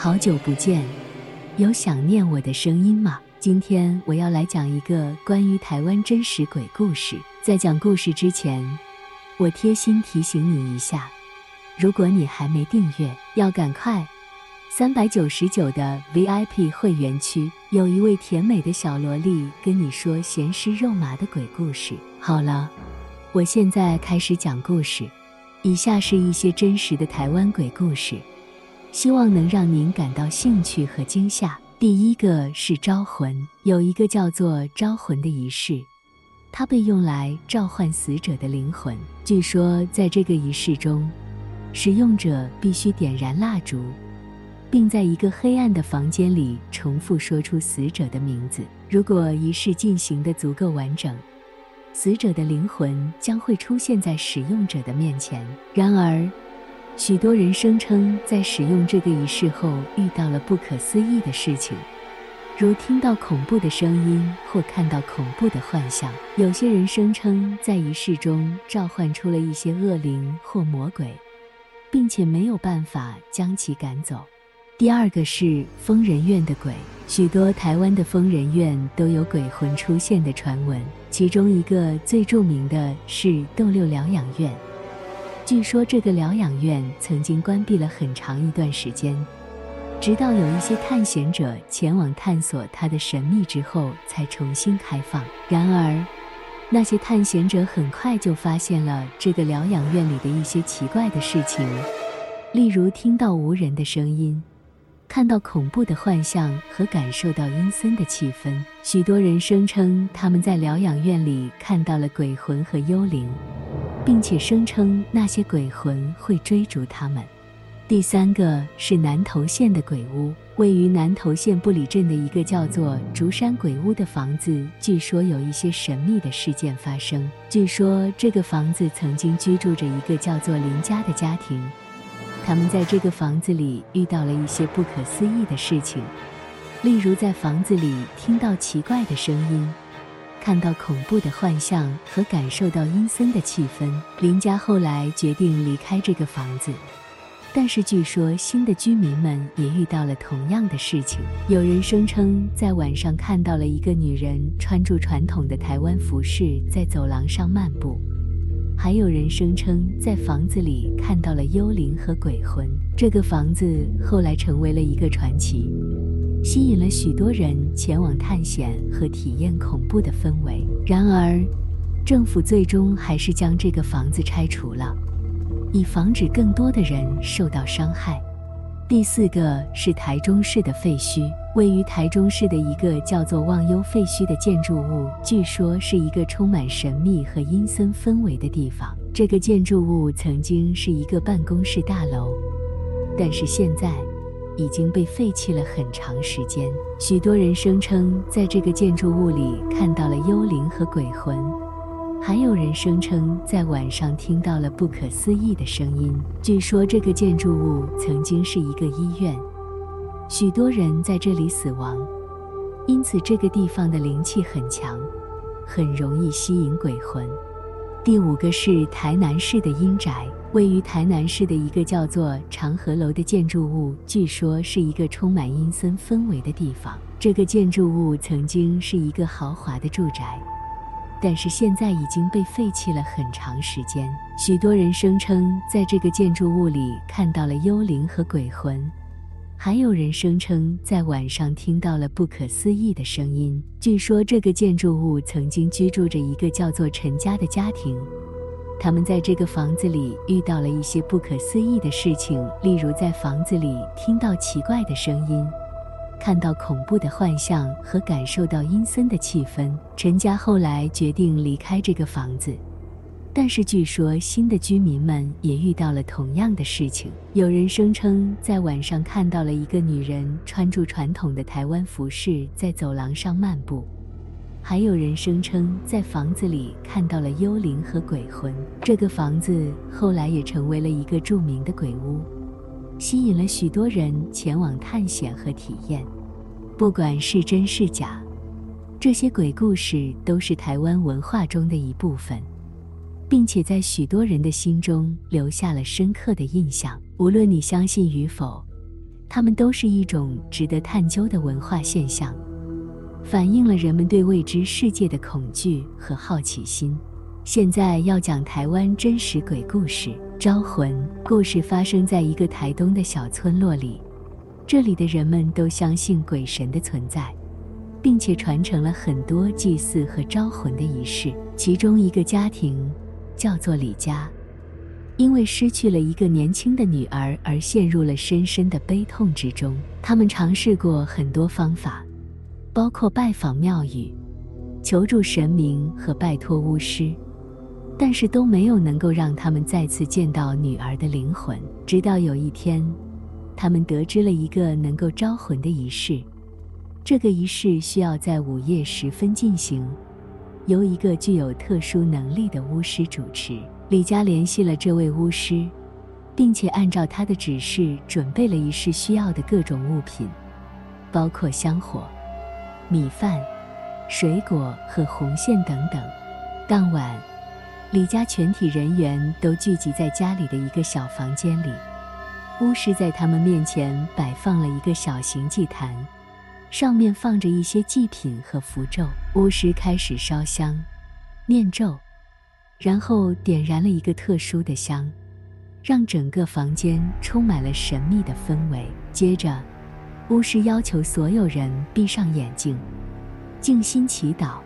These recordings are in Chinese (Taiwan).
好久不見，有想念我的聲音嗎？今天我要來講一個關於台灣真實鬼故事。在講故事之前，我貼心提醒你一下：如果你還沒訂閱，要趕快！三百九十九的 VIP 會員區有一位甜美的小蘿莉跟你說鹹濕肉麻的鬼故事。好了，我現在開始講故事。以下是一些真實的台灣鬼故事。希望能讓您感到興趣和驚嚇。第一個是招魂，有一個叫做招魂的儀式，它被用來召喚死者的靈魂。據說，在這個儀式中，使用者必須點燃蠟燭，並在一個黑暗的房間裡重複說出死者的名字。如果儀式進行得足夠完整，死者的靈魂將會出現在使用者的面前。然而，許多人聲稱在使用這個儀式後遇到了不可思議的事情，如聽到恐怖的聲音或看到恐怖的幻象。有些人聲稱在儀式中召喚出了一些惡靈或魔鬼，並且沒有辦法將其趕走。第二個是瘋人院的鬼，許多台灣的瘋人院都有鬼魂出現的傳聞，其中一個最著名的是斗六療養院。據說這個療養院曾經關閉了很長一段時間，直到有一些探險者前往探索它的神秘之後，才重新開放。然而，那些探險者很快就發現了這個療養院裡的一些奇怪的事情，例如聽到無人的聲音。看到恐怖的幻象、和感受到陰森的氣氛。許多人聲稱他們在療養院裡看到了鬼魂和幽靈，並且聲稱那些鬼魂會追逐他們。第三個是南投縣的鬼屋，位於南投縣埔里鎮的一個叫做竹山鬼屋的房子，據說有一些神秘的事件發生。據說這個房子曾經居住着一個叫做林家的家庭。他們在這個房子裡遇到了一些不可思議的事情，例如在房子裡聽到奇怪的聲音，看到恐怖的幻象和感受到陰森的氣氛。林家後來決定離開這個房子，但是據說新的居民們也遇到了同樣的事情。有人聲稱在晚上看到了一個女人穿着傳統的台灣服飾在走廊上漫步。還有人聲稱在房子裡看到了幽靈和鬼魂。這個房子後來成為了一個傳奇，吸引了許多人前往探險和體驗恐怖的氛圍。然而，政府最終還是將這個房子拆除了，以防止更多的人受到傷害。第四個是台中市的廢墟。位於台中市的一個叫做“忘憂廢墟”的建築物，據說是一個充滿神秘和陰森氛圍的地方。這個建築物曾經是一個辦公室大樓，但是現在已經被廢棄了很長時間。許多人聲稱在這個建築物裡看到了幽靈和鬼魂，還有人聲稱在晚上聽到了不可思議的聲音。據說這個建築物曾經是一個醫院。許多人在這裡死亡，因此這個地方的靈氣很強，很容易吸引鬼魂。第五個是台南市的陰宅，位於台南市的一個叫做長河樓的建築物，據說是一個充滿陰森氛圍的地方。這個建築物曾經是一個豪華的住宅，但是現在已經被廢棄了很長時間。許多人聲稱在這個建築物裡看到了幽靈和鬼魂。還有人聲稱在晚上聽到了不可思議的聲音。據說這個建築物曾經居住着一個叫做陳家的家庭，他們在這個房子裡遇到了一些不可思議的事情，例如在房子裡聽到奇怪的聲音，看到恐怖的幻象和感受到陰森的氣氛。陳家後來決定離開這個房子。但是據說，新的居民們也遇到了同樣的事情。有人聲稱在晚上看到了一個女人穿着傳統的台灣服飾在走廊上漫步，還有人聲稱在房子裡看到了幽靈和鬼魂。這個房子後來也成為了一個著名的鬼屋，吸引了許多人前往探險和體驗。不管是真是假，這些鬼故事都是台灣文化中的一部分。並且在許多人的心中留下了深刻的印象。無論你相信與否，他們都是一種值得探究的文化現象，反映了人們對未知世界的恐懼和好奇心。現在要講台灣真實鬼故事《招魂》。故事發生在一個台東的小村落裡，這裡的人們都相信鬼神的存在，並且傳承了很多祭祀和招魂的儀式。其中一個家庭。叫做李佳，因為失去了一個年輕的女兒而陷入了深深的悲痛之中。他們嘗試過很多方法，包括拜訪廟宇、求助神明和拜託巫師，但是都沒有能夠讓他們再次見到女兒的靈魂。直到有一天，他們得知了一個能夠招魂的儀式，這個儀式需要在午夜時分進行。由一個具有特殊能力的巫師主持。李家聯繫了這位巫師，並且按照他的指示準備了儀式需要的各種物品，包括香火、米飯、水果和紅線等等。當晚，李家全體人員都聚集在家裡的一個小房間裡，巫師在他們面前擺放了一個小型祭壇。上面放着一些祭品和符咒，巫師開始燒香、念咒，然後點燃了一個特殊的香，讓整個房間充滿了神秘的氛圍。接着，巫師要求所有人閉上眼睛，靜心祈禱，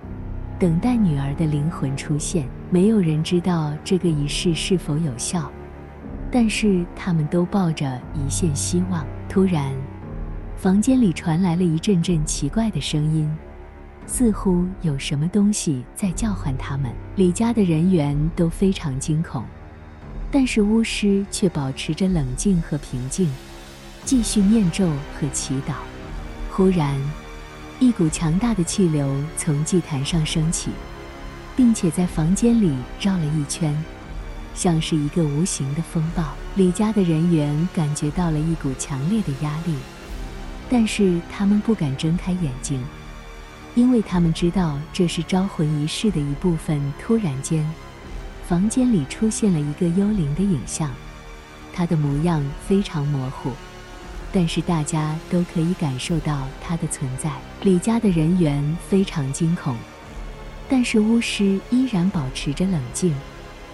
等待女兒的靈魂出現。沒有人知道這個儀式是否有效，但是他們都抱着一線希望。突然，房間裡傳來了一陣陣奇怪的聲音，似乎有什麼東西在叫喚他們。李家的人員都非常驚恐，但是巫師卻保持着冷靜和平靜，繼續念咒和祈禱。忽然，一股強大的氣流從祭壇上升起，並且在房間裡繞了一圈，像是一個無形的風暴。李家的人員感覺到了一股強烈的壓力。但是他們不敢睜開眼睛，因為他們知道這是招魂儀式的一部分。突然間，房間裡出現了一個幽靈的影像，它的模樣非常模糊，但是大家都可以感受到它的存在。李家的人員非常驚恐，但是巫師依然保持着冷靜。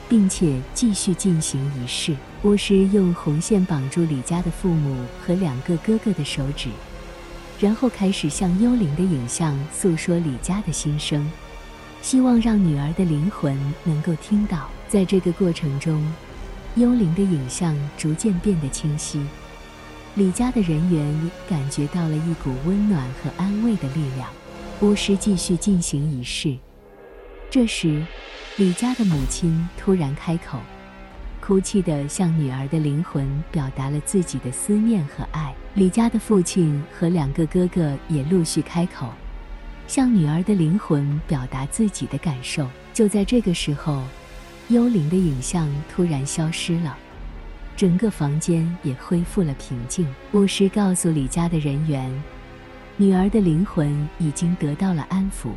並且繼續進行儀式。巫師用紅線綁住李家的父母和兩個哥哥的手指，然後開始向幽靈的影像訴說李家的心聲，希望讓女兒的靈魂能夠聽到。在這個過程中，幽靈的影像逐漸變得清晰。李家的人員感覺到了一股溫暖和安慰的力量。巫師繼續進行儀式。這時。李家的母親突然開口，哭泣地向女兒的靈魂表達了自己的思念和愛。李家的父親和兩個哥哥也陸續開口，向女兒的靈魂表達自己的感受。就在這個時候，幽靈的影像突然消失了，整個房間也恢復了平靜。巫師告訴李家的人員，女兒的靈魂已經得到了安撫。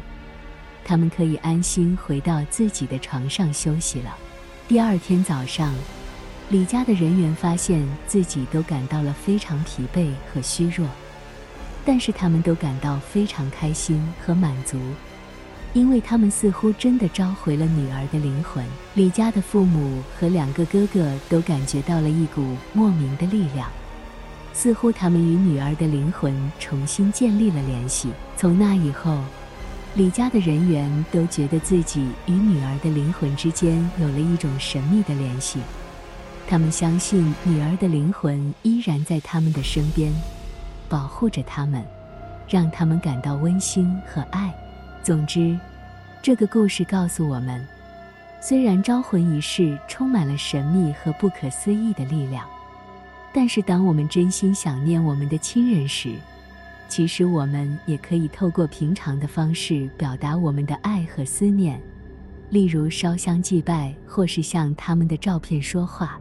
他們可以安心回到自己的床上休息了。第二天早上，李家的人員發現自己都感到了非常疲憊和虛弱，但是他們都感到非常開心和滿足，因為他們似乎真的召回了女兒的靈魂。李家的父母和兩個哥哥都感覺到了一股莫名的力量，似乎他們與女兒的靈魂重新建立了聯繫。從那以後。李家的人員都覺得自己與女兒的靈魂之間有了一種神祕的聯繫，他們相信女兒的靈魂依然在他們的身邊，保護着他們，讓他們感到溫馨和愛。總之，這個故事告訴我們，雖然招魂儀式充滿了神祕和不可思議的力量，但是當我們真心想念我們的親人時，其實我們也可以透過平常的方式表達我們的愛和思念，例如燒香祭拜，或是向他們的照片說話。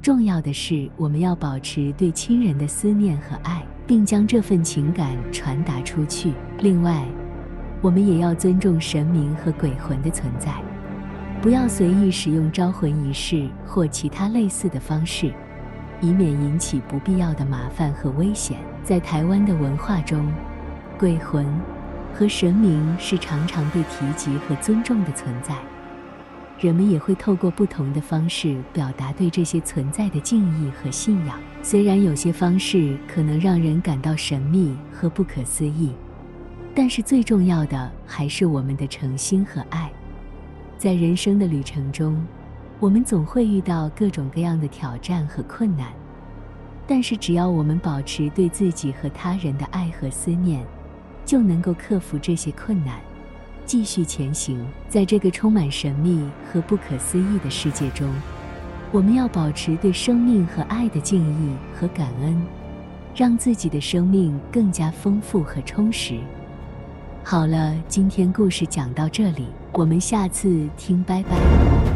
重要的是，我們要保持對親人的思念和愛，並將這份情感傳達出去。另外，我們也要尊重神明和鬼魂的存在，不要隨意使用招魂儀式或其他類似的方式。以免引起不必要的麻煩和危險。在台灣的文化中，鬼魂和神明是常常被提及和尊重的存在。人們也會透過不同的方式表達對這些存在的敬意和信仰。雖然有些方式可能讓人感到神秘和不可思議，但是最重要的還是我們的誠心和愛。在人生的旅程中。我們總會遇到各種各樣的挑戰和困難，但是只要我們保持對自己和他人的愛和思念，就能夠克服這些困難，繼續前行。在這個充滿神秘和不可思議的世界中，我們要保持對生命和愛的敬意和感恩，讓自己的生命更加豐富和充實。好了，今天故事講到這裡，我們下次聽，拜拜。